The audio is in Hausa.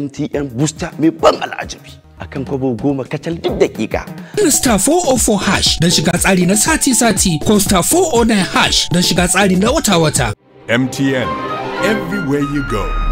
mtn booster mai ban al'ajabi akan kwabo goma kacal duk dakika. Star 404 hash don shiga tsari na sati-sati ko star 409 hash don shiga tsari na wata-wata. MTN, everywhere you go.